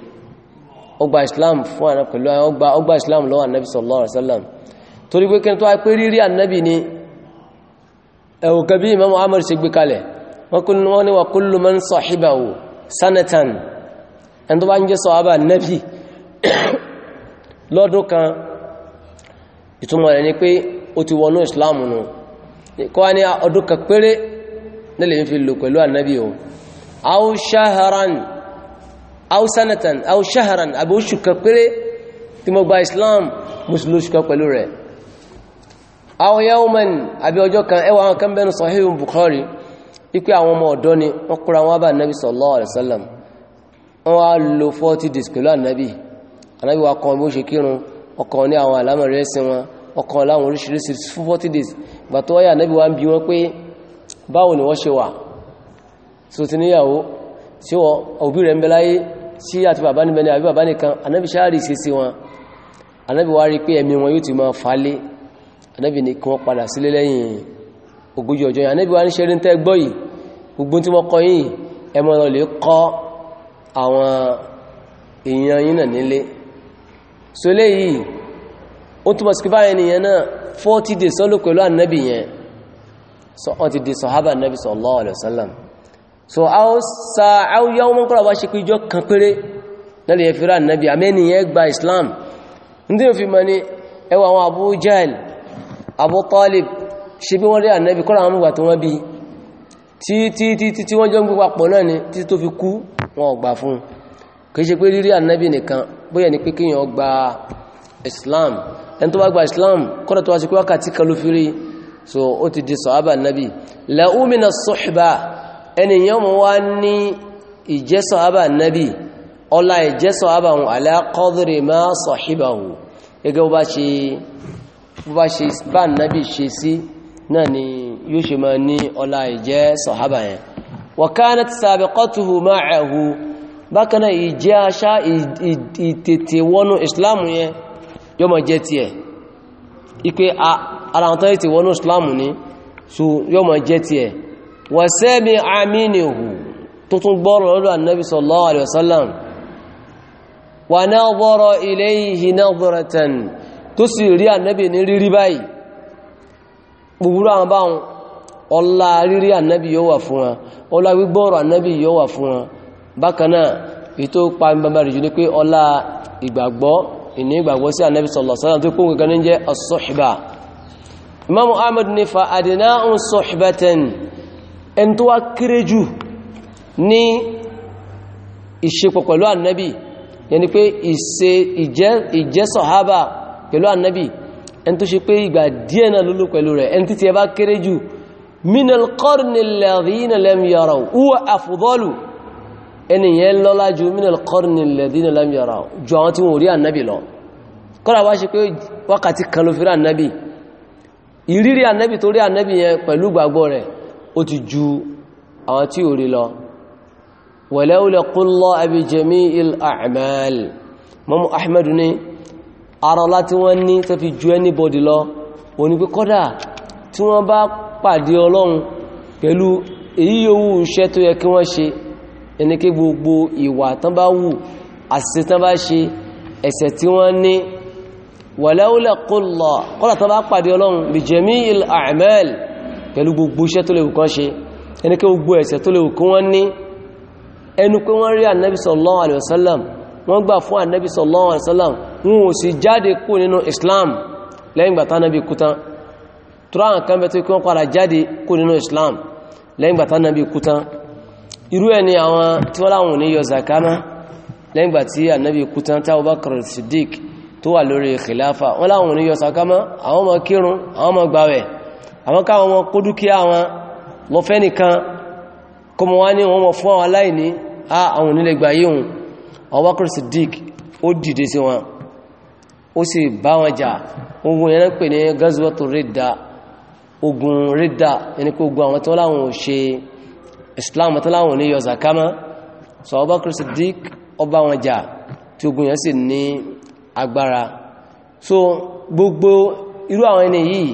ọgbà islam fún àná pẹ̀lú ọgbà ọgbà islam lọ́wọ́ ànábì sallallahu alaihi wasallam torí pé kí n tó wá pé rírí ànábì ni ẹ̀wọ̀n kẹbí imam amur ṣe gbé kalẹ̀ wọ́n ni wà kullu man sahibahu sanatan ẹn tó bá ń jẹ́ sọ̀hábà ànábì lọ́dún kan ìtumọ̀ rẹ̀ ni pé ó ti wọnú islam nù kọ́ ni ọdún kan péré nílẹ̀ fi lò pẹ̀lú ànábì o aw sanatan aw shahran àbí oṣù kan péré islam mùsùlùmí oṣù kan pẹ̀lú rẹ̀ aw yawman àbí kan kan bẹ́nu sahih bukhari wípé àwọn ọmọ ni wọ́n kúra wọn sallallahu alaihi wasallam wọ́n wá lo 40 wa wa sí àti bàbá níbẹ̀ ní àbí bàbá nìkan anábi sáàrì sí sí wọn anábi wá rí pé ẹ̀mí wọn yóò ti máa falé anábi ní kí wọ́n padà sílé lẹ́yìn ogójì ọjọ́ yìí anábi wá ní ṣẹ́rí tẹ́ gbọ́ yìí gbogbo tí wọ́n kọ yìí ẹmọ lọ lè kọ́ àwọn èèyàn yìí nà nílé so léyìí ó túnmọ̀ sí pé nìyẹn náà 40 days sọ́lọ́ pẹ̀lú anábi yẹn so wọ́n ti di sọ̀hábà anábi sallallahu alaihi so a ó sa áwúyá ó mọ́kànlá wá ṣe pé ìjọ kan péré lẹ́lẹ̀ ẹ̀fẹ́rà nàbí gba Islam ní òfin mọ́ ní ẹwà àwọn Abu Jahl Abu Talib ṣe bí wọ́n rí ànẹ́bí kọ́lá àwọn ìgbà wọ́n bí tí tí tí tí tí wọ́n náà ni tí tó fi kú wọn ò gbà fún kìí ṣe pé rírí ànẹ́bí nìkan ni pé kíyàn Islam ẹni tó bá gba Islam kọ́lá tó wá sí wákàtí so ó ti di sọ̀hábà ànẹ́bí ẹniyàn mú wá ní ìjẹ́sọ̀ àbà nábì ọlá ìjẹ́sọ̀ àbà wọn ala qadri ma sahibahu gẹ́gẹ́ bá ṣe bá ṣe bá nábì ṣe sí náà ni yóò ṣe máa ní ọlá ìjẹ́sọ̀ àbà yẹn wa kanat sabiqatuhu ma'ahu bákaná ìjẹ́ aṣá ìtètè wọnú ìsìláàmù yẹn yóò jẹ́ tiẹ̀ ipé ara àwọn ìtè wọnú ìsìláàmù ní so yóò máa jẹ́ wàsẹ́bí àmìnìhù tó tún gbọ́rọ̀ lọ́dọ̀ annabi sallallahu alaihi wasallam wà náà bọ́rọ̀ ilé ìhì náà bọ̀rọ̀tàn tó sì rí annabi ní rírí báyìí gbogbo àwọn báhùn ọlá rírí annabi yóò wà fún wọn ọlá gbígbọ́rọ̀ annabi yóò wà fún wọn bákanáà ètò pa bàbàrì jù ní pé ọlá ìgbàgbọ́ ìní ìgbàgbọ́ sí annabi sallallahu alaihi wasallam tó kún gẹ́gẹ́ ní jẹ́ as ẹni tó wá kéré jù ní ìṣepọ̀ pẹ̀lú ànábì yẹni pé ìṣe ìjẹ́ sọ̀hábà pẹ̀lú ànábì ẹni tó ṣe pé ìgbà díẹ̀ náà lólò pẹ̀lú rẹ̀ ẹni títí ẹ bá kéré jù minal qarni alladhina lam yaraw huwa afdalu ẹni yẹn lọ́lá ju minal qarni alladhina lam yaraw ju àwọn tí wọ́n rí ànábì lọ kọ́lá ìrírí ànábì tó rí ànábì yẹn pẹ̀lú gbàgbọ́ rẹ̀ ó ti ju àwọn tí ò rí lọ walaw laqulla bi jami'il a'mal mọ́mú ahmed ní ara láti wọ́n ní tó fi ju anybody lọ òní pé kọ́dà tí wọ́n bá pàdé ọlọ́run pẹ̀lú èyí yòówù iṣẹ́ tó yẹ kí wọ́n ṣe ẹni kí gbogbo ìwà tán bá wù àṣìṣe tán bá ṣe ẹ̀ṣẹ̀ tí wọ́n ní walaw laqulla kọ́dà tán bá pàdé ọlọ́run bi jami'il a'mal pẹ̀lú gbogbo iṣẹ́ tó lè wù kán ṣe ẹni kí gbogbo ẹ̀ṣẹ̀ tó lè wù kí wọ́n ní ẹnu pé wọ́n rí ànábì sallallahu alaihi wasallam wọ́n gbà fún ànábì sallallahu alaihi wasallam wọn ò sì jáde kú nínú Islam lẹ́yìn gbàtà nábi kútán tura nǹkan bẹ tó kí wọ́n padà jáde kú nínú Islam lẹ́yìn gbàtà nábi kútán irú ẹ̀ ni àwọn tí wọ́n láwọn ní wà lórí khilafa wọ́n láwọn ní àwọn ọmọ kírun àwọn ọmọ gbàwẹ̀ àwọn káwọn wọn kó dúkìá wọn lọ fẹ́ nìkan kó mọ̀ wá ní wọn mọ̀ fún àwọn aláìní àwọn onílẹ̀ gbà yíhun Abubakar Siddiq ó dìde sí wọn ó sì bá wọn jà ogun yẹn pè ní gazwatu ridda ogun ridda yẹni kó ogun àwọn tó láwọn ò Islam tó láwọn ní yọ zakama so Abubakar Siddiq ó bá wọn jà tí ogun yẹn sì ní agbára so gbogbo irú àwọn ẹni yìí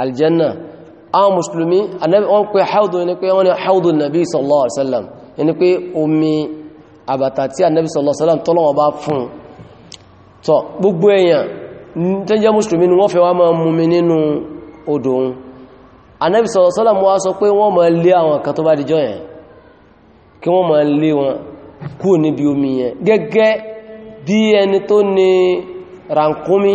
aljanna àwọn musulmi wọ́n pè haudu ní pé wọ́n ni haudu nabi sallallahu alaihi wasallam ní pé omi àbàtà tí annabi sallallahu alaihi wasallam tọ́lọ́wọ́ bá fún tọ́ gbogbo èèyàn tó jẹ́ musulmi ni wọ́n fẹ́ wá máa mú mi nínú odò ohun annabi sallallahu alaihi wasallam wá sọ pé wọ́n máa lé àwọn kan tó bá dijọ́ yẹn kí wọ́n máa lé wọn kúrò níbi omi yẹn gẹ́gẹ́ bí ẹni tó ní rankumi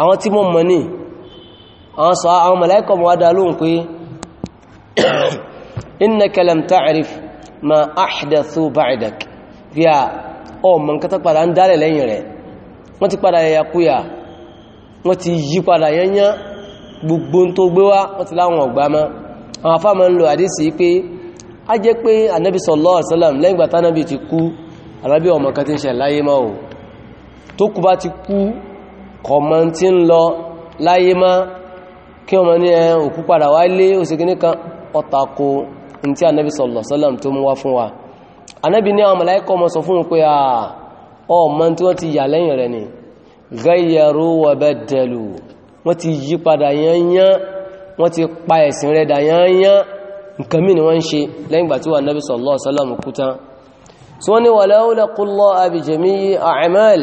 àwọn tí mo mọ̀ ní àwọn sọ àwọn mọ̀láíkọ̀ mọ̀ wádá lóhun pé innaka lam ta'rif ma ahdathu ba'dak bí a ọmọ nǹkan tó padà ń dálẹ̀ lẹ́yìn rẹ̀ wọ́n ti padà yẹyàkúyà wọ́n ti yí padà yẹnyán gbogbo tó gbé wá wọ́n ti láwọn ọ̀gbá mọ́ àwọn afá ma ń lo àdísì pé a jẹ́ pé anábi sallallahu alaihi lẹ́yìn gbàtánábi ti kú alábí ọmọ kan ti ń ṣẹ̀ láyé mọ́ ò tó kú bá ti kú kọ̀mọ̀ tí ń lọ láyé má kí ọmọ ní ẹn òkú padà wá lé òsìkíní kan ọ̀tàkó tí anábi sallallahu alaihi wasallam tó mú wá fún wa anábi ní àwọn màláíkà mọ́ sọ fún pé ọmọ tí wọ́n ti yà lẹ́yìn rẹ̀ ni ghayyaru wa baddalu wọ́n ti yí padà yányán wọ́n ti pa ẹ̀sìn rẹ̀ dà yányán nǹkan mí sallallahu alaihi wasallam kú tán tí wọ́n ní walaula a'mal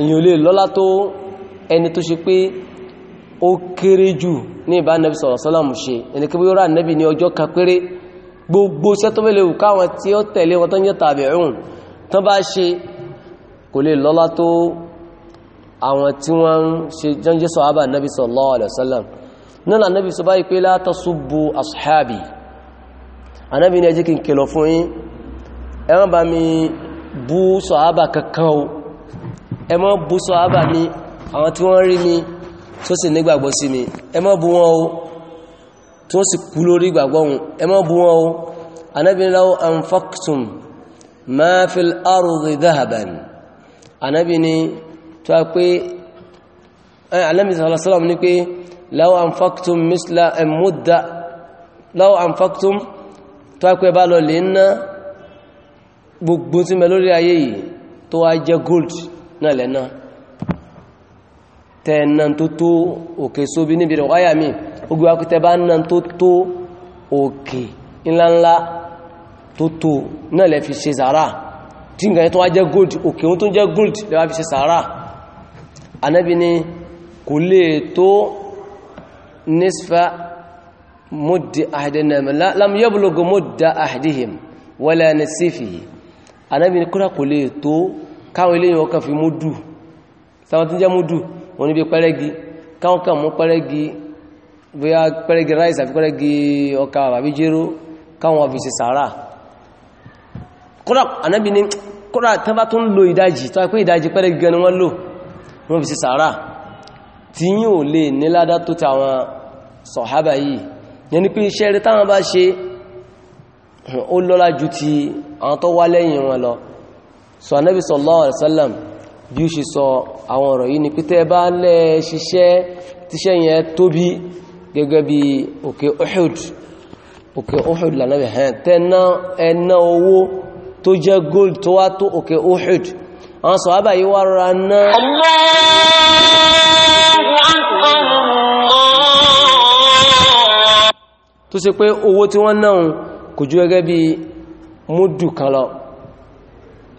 èyàn ò lè lọ́lá tó ẹni tó ṣe pé ó kéré jù ní ìbá nẹ́bí sọ̀rọ̀ sọ́làmù ṣe ẹni kí bóyá nẹ́bí ní ọjọ́ kan péré gbogbo iṣẹ́ tó mẹ́lẹ̀ wù káwọn tí ó tẹ̀lé wọn tó ń jẹ́ tàbíùn tó bá ṣe kò lè lọ́lá tó àwọn tí wọ́n ń ṣe jẹ́njẹ́ sọ̀hábà nẹ́bí sallallahu ẹ má bú sọ ábà mi àwọn tí wọ́n rí mi tó sì nígbàgbọ́ sí mi ẹ má bú wọn o tí wọ́n sì kú lórí ìgbàgbọ́ wọn ẹ má bú wọn o Ànábì ní law anfaqtum ma fil ardi dhahaban Ànábì ní tó a pé Ànábì ní pé law tó wá jẹ gold náà lẹ́nà tẹ na tó tó òkè sóbi níbi rẹ̀ wáyà mi ogun akútẹ bá na tó tó òkè ńláńlá tó tó náà lẹ fi ṣe sàárà tí n gàyẹ́ tó wá jẹ́ gold òkè tó jẹ́ gold lẹ wá fi ṣe sàárà anábi ni kò lè tó nisfa muddi ahadinam lam káwọn eléyìn ọkàn fi múdù sáwọn tí jẹ́ múdù wọn níbi pẹ́rẹ́gi káwọn kàn mú pẹ́rẹ́gi bóyá pẹ́rẹ́gi ráìsì àfi pẹ́rẹ́gi ọkà àbí jéró káwọn fi ṣe sàárà kódà anábi ni kódà tán bá tún lo ìdájì tó pé ìdájì pẹ́rẹ́gi gan ni wọ́n lò pé iṣẹ́ rẹ̀ táwọn bá ṣe ó lọ́lá ju ti àwọn tó wá lẹ́yìn wọn lọ so anabi sallallahu alaihi wasallam bí ó ṣe sọ àwọn ọ̀rọ̀ yìí ni pété bá lẹ́ ṣiṣẹ́ tíṣẹ́ yẹn tóbi gẹ́gẹ́ bí òkè Uhud òkè Uhud lànàbì hàn tẹ́ná ẹ̀nà owó tó jẹ́ gold tó wá tó òkè Uhud àwọn sọ tó ṣe pé owó tí wọ́n náà kò ju gẹ́gẹ́ bí múdù kan lọ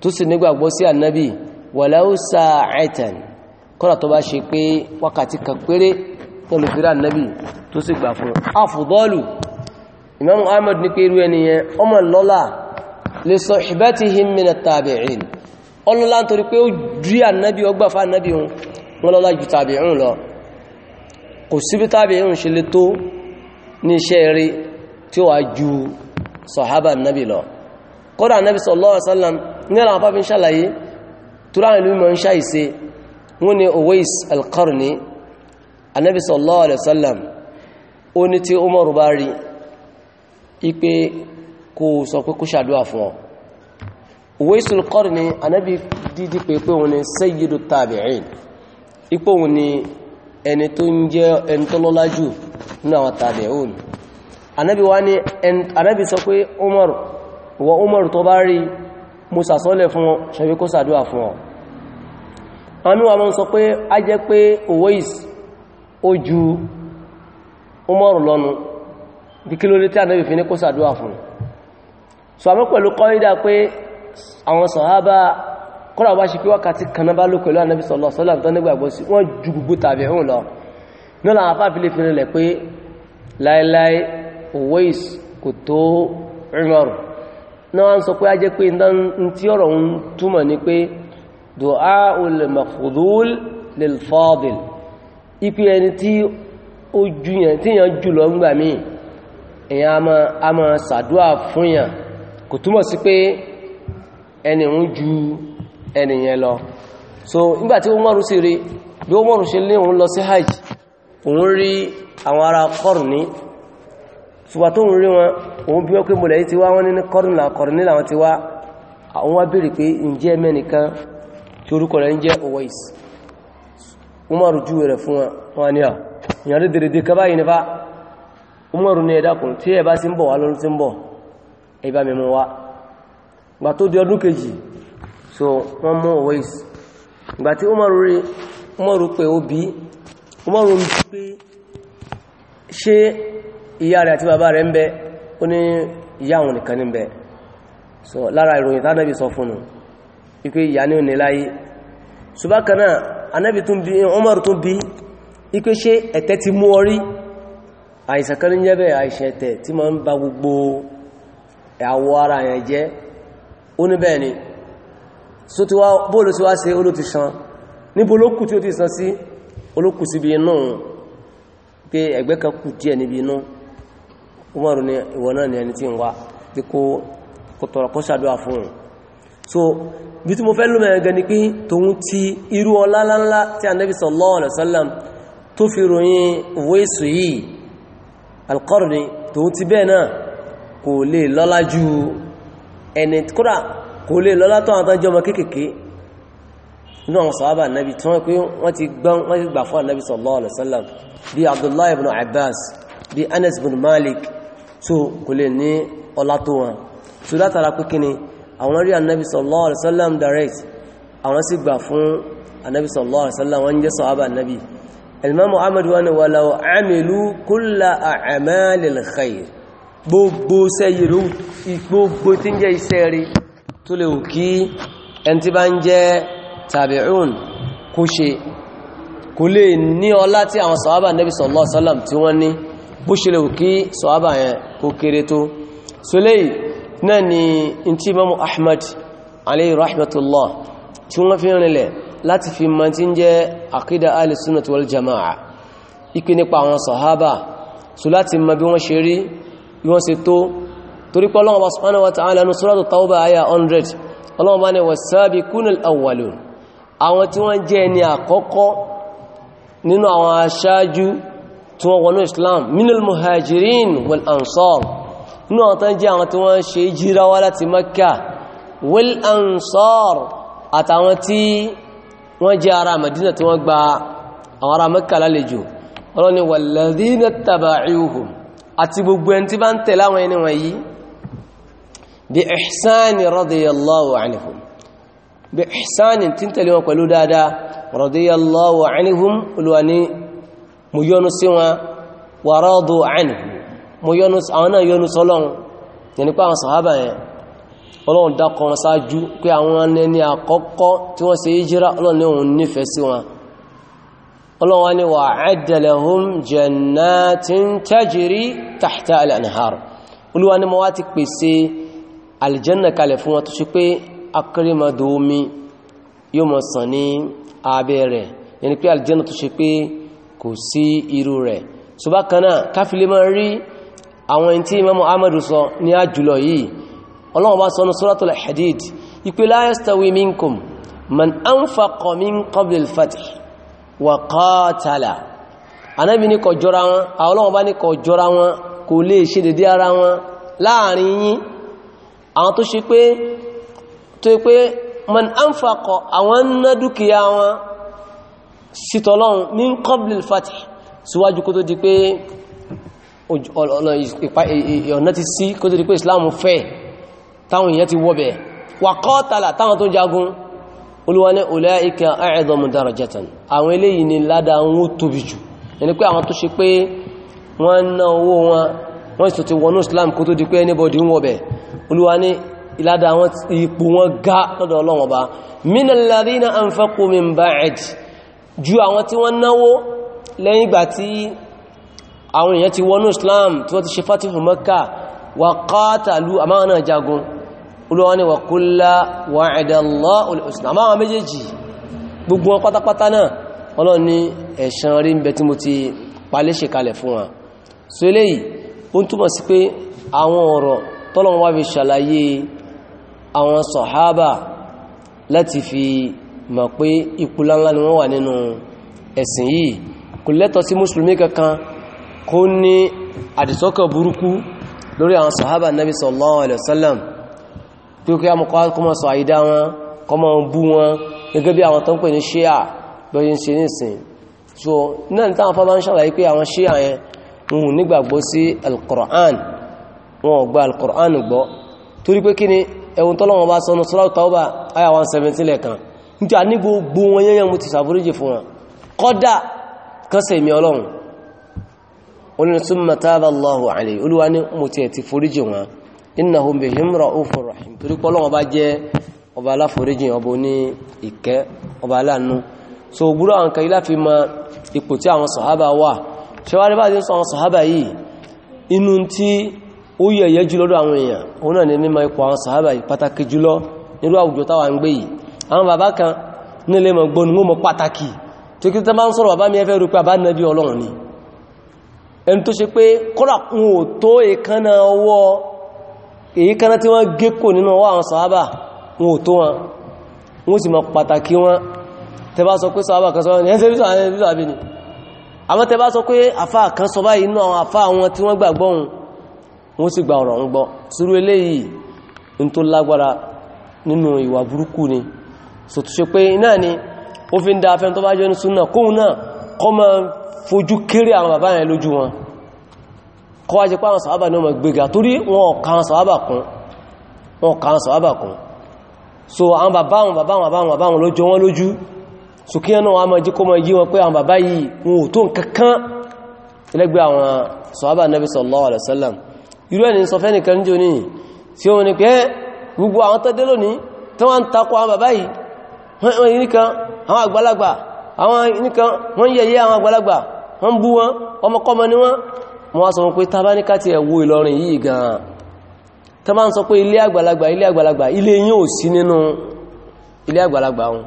tó sì nígbàgbọ́ sí ànábì walau sa'atan kọ́nà tó bá ṣe pé wákàtí kan péré pẹ̀lú fíra ànábì tó sì gbà fún afdalu imam ahmad ní pé irú ẹniyẹn ọmọ lọ́lá li sahbatihim min at-tabi'in ọlọ́lá nítorí pé ó rí ànábì ọgbà fún ànábì wọn lọ́lá ju sallallahu alaihi wasallam ní àwọn afáfin ṣàlàyé turan ìlú mọ̀ ń ṣàìṣe wọ́n ni Uwais al-Qarni anabi sallallahu alaihi wasallam ó ní tí Umaru bá rí ipé kó sọ pé kó ṣàdúwà fún ọ Uwais al-Qarni anabi dídí pé pé òun ni sayyidu tabi'in ipò òun ni ẹni tó ń jẹ́ ẹni tó lọ́lá jù anabi wá ní anabi sọ pé Umaru wọ Umaru tó bá rí mo sàsọ́lẹ̀ fún wọn ṣẹ̀bí kó sàdúwà fún wọn anú wa mọ́ sọ pé a jẹ́ pé Uwais ó ju Umaru lọ́nu bí kí ló lé tí ànábì fi ní kó sàdúwà fún so àmọ́ pẹ̀lú kọ́ídà pé àwọn sàhábà kọ́nà bá ṣe pé wákàtí kanábá ló pẹ̀lú ànábì sallallahu alaihi wasallam tán nígbàgbọ́ sí wọ́n ju gbogbo tàbí ẹ̀hùn lọ náà làwọn afáfi lè fi rinlẹ̀ pé láíláí Uwais kò tó Umaru náà wọ́n sọ pé a jẹ́ pé tí ọ̀rọ̀ ń túmọ̀ ní pé du'a'ul mafudul lil fadil ipi ẹni tí ó júyàn tí yàn jùlọ ń gbà míì èyàn a máa sàdúà fún yàn kò túmọ̀ sí pé ẹni ń ju ẹniyàn lọ so nígbàtí ó mọ́rún sí rí bí ó mọ́rún ṣe lé òun lọ sí hajj òun rí àwọn ará Qarni ṣùgbà tó ń rí wọn òun bí ọkùnrin mọ̀lẹ̀ yìí ti wá wọ́n ní kọ́rùnlá kọ̀rùnlá wọn ti wá àwọn wá bèèrè pé ǹjẹ́ mẹ́nìkan tí orúkọ rẹ̀ ń jẹ́ Uwais umaru júwe rẹ̀ fún wọn ni à ìyàn rí dèrèdè umaru ní ẹ̀dàkùn tí ẹ bá sí ń bọ̀ wá lọ́rún tí so wọ́n mú Uwais gbà umaru umaru pé ó umaru ń pé ìyá rẹ̀ àti bàbá rẹ̀ ń bẹ ó ní ìyá nìkan ní bẹ so lára ìròyìn tánàbí sọ fún un ikú ìyá ní òní láyé ṣùgbákaná anábì tún bí Umar tún bí ikú ṣe ẹ̀tẹ́ ti mú orí àìsàn kan ní jẹ́bẹ̀ àìsàn ẹ̀tẹ̀ tí ma ń ba ni so ti wá bóòlù ti wá ṣe olóti san níbo ló tí ó ti san sí olókù síbi inú pé ẹ̀gbẹ́ kan kù díẹ̀ níbi inú umaru ni ìwọ náà ni ẹni tí ń wá tí kò tọrọ kó ṣàdúwà fún so bí tí mo fẹ́ lómẹ̀ ẹgẹ́ ni pé tóun ti irú ọlá ńláńlá tí Ànábì sallallahu alaihi wasallam tó fi ròyìn wéṣù yìí alqarni tóun ti bẹ́ẹ̀ náà kò lè lọ́lá ju ẹni kódà kò lè lọ́lá tó àwọn jọmọ kéèkèé inú àwọn sọ̀hábà Ànábì tí ti gbà fún Ànábì sallallahu alaihi wasallam bí Abdullahi ibn Abbas bi Anas ibn Malik so kò lè ní ọlá tó wọn so látara pé kíni àwọn rí anabi sallallahu alaihi wasallam direct àwọn sì gbà fún anabi sallallahu alaihi wasallam wọ́n jẹ́ sahaba anabi Imam Ahmad wọ́n ní walau amilu kulla a'malil khair gbogbo sẹ́yìrú gbogbo tí ń jẹ́ iṣẹ́ rí tó lè wù kí ṣe kò lè ní ọlá tí àwọn sahaba anabi sallallahu tí wọ́n ní bó ṣe lè kí sọ́ábà yẹn kó kéré tó sólèyí náà ni in tí Imam Ahmad alayhi rahmatullah tí wọ́n fi rinlẹ̀ láti fi ma ti ń jẹ́ àkídà alìsúnà tó wal jama'a ipe nípa àwọn sọ̀hábà so láti ma bí wọ́n ṣe rí bí wọ́n ṣe tó torí pé Ọlọ́hun subhanahu wa ta'ala tí wọ́n wọnú islam minal muhajirin wal ansar nínú àwọn tán jẹ́ àwọn tí wọ́n ṣe jíra wá láti makka wal ansar àtàwọn tí wọ́n jẹ́ ara madina tí wọ́n gba àwọn ará makka lálejò ọlọ́ni walladhina taba'uhum àti gbogbo ẹni tí bá ń tẹ̀lé wọn pẹ̀lú dáadáa radiyallahu anhum mo yọ́nú sí wọn wa radu anhu mo yọ́nú àwọn náà yọ́nú sọ́lọ́run yẹni pé àwọn sàhábà yẹn ọlọ́run dákọrọ sáájú pé àwọn ẹni àkọ́kọ́ tí wọ́n ṣe hijira ọlọ́run ní òun nífẹ̀ẹ́ sí wọn ọlọ́run wá ní wa a'adda lahum jannatin tajri tahta al-anhar olúwa ni mo wá ti pèsè aljanna kalẹ̀ fún wọn tó ṣe pé akérèmọdò omi yóò mọ̀ sàn ní abẹ́ rẹ̀ yẹni pé aljanna tó ṣe pé kò sí irú rẹ̀ ṣùgbákaná káfílé máa rí àwọn ẹni tí imamu amadu sọ ní àjùlọ yìí ọlọ́wọ́ bá sọ ní suratul hadid ipe la yastawi minkum man anfaqa min qabli al-fath wa anábi ní kò jọra wọn àwọlọ́wọ́ bá ní kò jọra wọn kò lè ṣe dédé ara wọn láàrin yín àwọn tó ṣe pé tó pé man anfaqa àwọn ná dúkìá wọn sítọ́lọ́run ní qabl al-fath síwájú kó tó di pé ọ̀nà ti sí kó tó di pé islam fẹ́ táwọn èèyàn ti wọ́bẹ̀ wa qatala táwọn tó jagun olúwa ní ulaika a'zamu darajatan àwọn eléyìí ni ládá wọn tóbi jù ẹni pé àwọn tó ṣe pé wọ́n ná kó tó ń wọ́bẹ̀ olúwa ju àwọn tí wọ́n náwó lẹ́yìn ìgbà tí àwọn èèyàn ti wọnú Islam tí wọ́n ti ṣe fatihu Makkah wa qatalu àmáwọn náà jagun olówọ́ ni wa kulla wa'adallahu al-husna àmáwọn méjèèjì gbogbo wọn pátápátá náà Ọlọ́run ní ẹ̀san rí fún wa so eléyìí ó ń túmọ̀ sí pé àwọn ọ̀rọ̀ tọ́lọ́wọ́n mọ̀ pé ipò láńlá ni wọ́n wà nínú ẹ̀sìn yìí kò lẹ́tọ̀ sí mùsùlùmí kankan kó ní àdìsọ́kàn burúkú lórí àwọn sàhábà nabi sallallahu alaihi wasallam tí ó kí àmọ́kọ́ kọmọ sọ àìdá wọn kọmọ bú wọn gẹ́gẹ́ bí àwọn so náà ní táwọn fábá ń ṣàlàyé pé àwọn ṣíà yẹn wọn nígbàgbọ́ sí alkùrán wọn ò gba alkùrán gbọ́ torí pé kí ni ẹ̀wọ̀n tọ́lọ́wọ́n bá sọ sọ́lọ́tọ́ọ́bà àyà 117 lẹ́kan nke a ní gbogbo wọn yẹ́yẹ́ mú ti sàbúrújì fún wọn kọ́dá kọ́sẹ̀ ìmì ọlọ́run olùn summa taba ti ẹ̀ ti foríjì wọn innahum rahim torí pọ́lọ́wọ́ bá jẹ́ so gbúrú àwọn kan ilá fi mọ ti sọ àwọn sàhábà yìí inú tí ó yẹ̀yẹ́ jùlọ lọ́dọ̀ àwọn bàbá kan nílé mọ̀ gbọ́nù mọ́ pàtàkì tó kí tó bá ń sọ̀rọ̀ bàbá mi ẹfẹ́ rúpẹ́ bá nẹ́bí ọlọ́run ni ẹni tó ṣe pé kọ́lá kún ò tó èékánná ọwọ́ èékánná tí wọ́n gé kò nínú ọwọ́ àwọn sàhábà wọn ò wọ́n sì gba ọ̀rọ̀ ń gbọ́ sírú eléyìí ní tó lágbára nínú ìwà burúkú ni so tó ṣe pé náà ni ó fi ń da afẹ́ tó bá jẹ́ súnà kóhun náà kọ́ ma fojú kéré àwọn bàbá yẹn lójú wọn kọ́ wá jẹ́ pé àwọn sàábà náà ma gbéga torí wọn kàn sàábà kún so àwọn bàbá wọn bàbá wọn bàbá wọn bàbá wọn lójú wọn lójú so kí ẹnu wọn ma jí kó ma yí wọn pé àwọn bàbá yìí wọn ò tó nǹkankan ilẹ́gbẹ́ àwọn sàábà nabi sallallahu tí ó ni pé gbogbo àwọn tó dé lónìí tí wọ́n ń takọ àwọn bàbá yìí wọ́n nìkan àwọn àgbàlagbà àwọn nìkan wọ́n yẹ̀yẹ́ àwọn àgbàlagbà wọ́n bú wọn ọmọkọ́mọ ni wọ́n mọ́ wá sọ wọn pé tàbáníkà ti ẹ̀wọ́ Ìlọrin yìí gan ta ma ń sọ pé ilé àgbàlagbà ilé àgbàlagbà ilé yìí ò sí nínú ilé àgbàlagbà wọn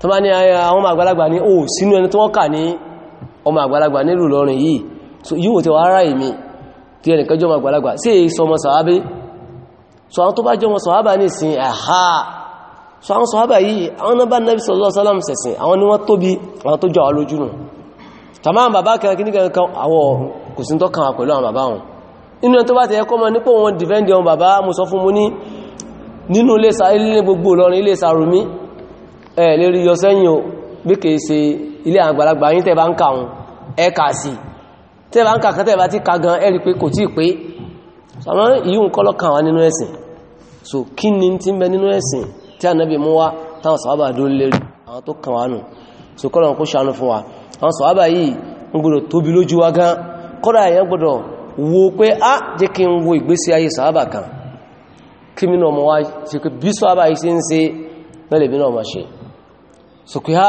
tẹ́ ní àwọn so àwọn sọ̀hábà yìí àwọn náà bá nàbí sallallahu alaihi wasallam sẹ̀sìn àwọn ni wọ́n tóbi àwọn tó jọ àwọn lójú nù tàbí àwọn bàbá kan kìí kan àwọ̀ kò sí tó kan pẹ̀lú àwọn bàbá wọn inú tó bá ti ẹkọ́ mọ́ nípò wọn dìfẹ́ndì àwọn bàbá mú sọ fún mú ní nínú ilé gbogbo lọrin ilé sàrùmí so kí ni ti tí ànábì mú wá táwọn sàábà dún lérí àwọn tó kàn wánù so kọ́lọ̀ kó ṣàánú fún wa àwọn sàábà yìí ń gbọdọ̀ tóbi lójú wa gan kọ́dà èèyàn gbọdọ̀ wo pé á jẹ́ kí n wo ìgbésí ayé sàábà kan kí mi náà mọ̀ wá ṣe pé bí sàábà yìí ṣe ń ṣe mẹ́lẹ̀ mi náà mọ̀ ṣe so pé á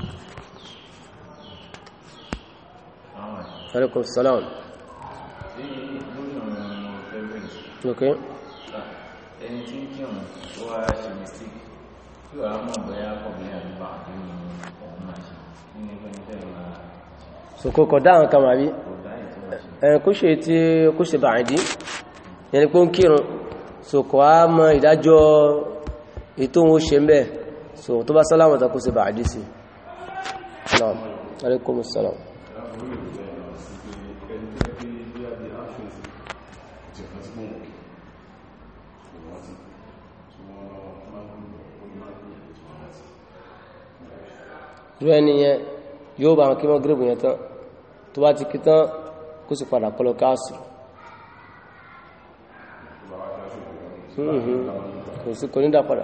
alaikum salam ok ẹni tí ń kí ọ̀nà tó wá ṣe mistake tí wàá mọ̀ bẹ́ẹ̀ àkọ̀bí rí ẹ̀kú ṣe tí kú ṣe bàájí yẹni pé ń kírun sòkò á mọ ìdájọ́ ètò òun ṣe mẹ́ so tó bá sálámọ̀ta kú ṣe bàájí sí náà irú ẹni yẹn yóò bá wọn kí wọ́n gírèbù yẹn tán tó bá ti kí tán kó sì padà kọlọ káàsì mhm. kò sí kò ní dápadà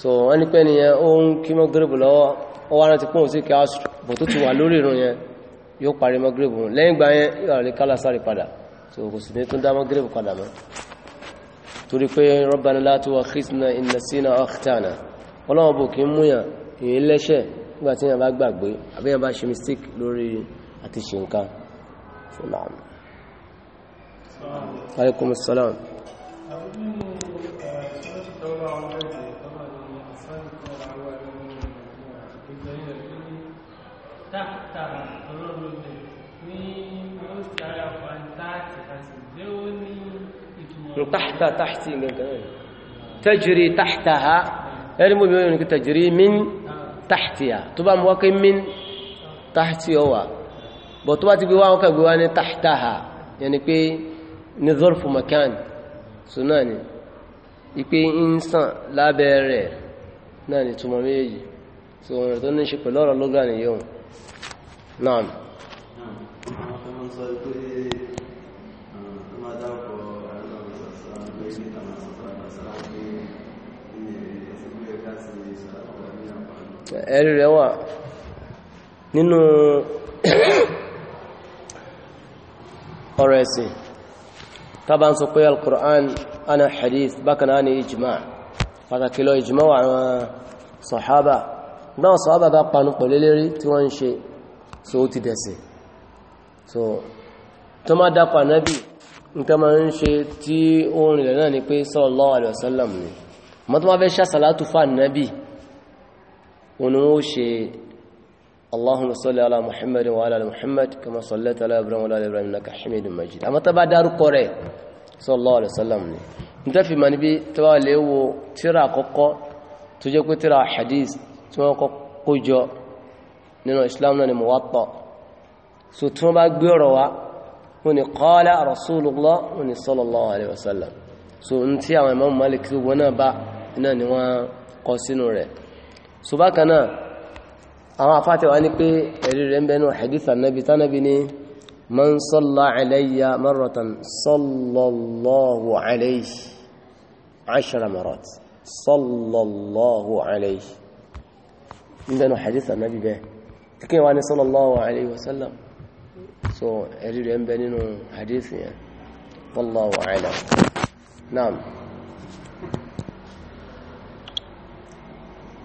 so wọ́n ní pẹ́ nìyẹn ó ń kí wọ́n gírèbù lọ́wọ́ ó wá rántí pọ́n sí káàsì bò tó ti wà lórí ìrun yẹn yóò parí mọ́ gírèbù lẹ́yìn ìgbà yẹn yóò àlè kálásárì padà so kò sì ní tó dá mọ́ gírèbù padà mọ́ torí pé rabbana la tuwakhizna in nasina akhtana èyí lẹ́ṣẹ̀ nígbà tí yẹn bá gbàgbé àbí yẹn bá ṣe mistake lórí àti ṣe nǹkan fúnlàm. aleykum salaam. تحت تحت تجري تحتها ẹni mú bíwọ́n ní tajiri min tahtiya tó bá mú wá kí min tahtiya wà bọ̀ tó bá ti gbé wá wọ́n kàgbé wá ní tahtaha yẹni pé ní zorfu makan so ni ipe ń sàn lábẹ́ náà ni túmọ̀ méjì so wọn rẹ̀ tó ní ṣe Thank you ẹ̀rí rẹ̀ wà nínú ọ̀rọ̀ ẹ̀sìn tàbá ń sọ pé al-Qur'an ana hadith bákan náà ni ijma pàtàkì lọ ijma wà àwọn sọ̀hábà náà sọ̀hábà bá panu pẹ̀lú lérí tí wọ́n ń ṣe so ti dẹ̀sẹ̀ so tó má dápa náà bí nǹkan ma ń ṣe tí ó rìnlẹ̀ náà ni pé sallallahu alaihi ni mọ́tí wọ́n fẹ́ ṣàṣàlátù fà nábì wọn ni wọ́n ṣe allahumma salli ala muhammad wa ala muhammad kama sallaita ala ibrahim wa ala ibrahim innaka hamidun majid àmọ́ tá bá dárúkọ rẹ̀ sallallahu alaihi wasallam ni n tẹ́ fi ma níbi tó bá lè wo tíra àkọ́kọ́ tó jẹ́ pé tíra hadith tí wọ́n kọ́kọ́ jọ nínú islam náà ni so n tí àwọn imam malik wọn náà bá náà ni wọ́n kọ sínú rẹ̀ ṣùgbọ́n náà àwọn afátẹwà ní pé ẹ̀rí rẹ̀ ń bẹ́nu hadith annabi tánàbí ni man salla alayya marratan sallallahu alayhi ashara marat sallallahu alayhi ń bẹ́nu hadith annabi bẹ́ẹ̀ kíkẹ́ wa ní sallallahu alayhi wasallam so ẹ̀rí rẹ̀ ń bẹ nínú hadith yẹn wallahu alam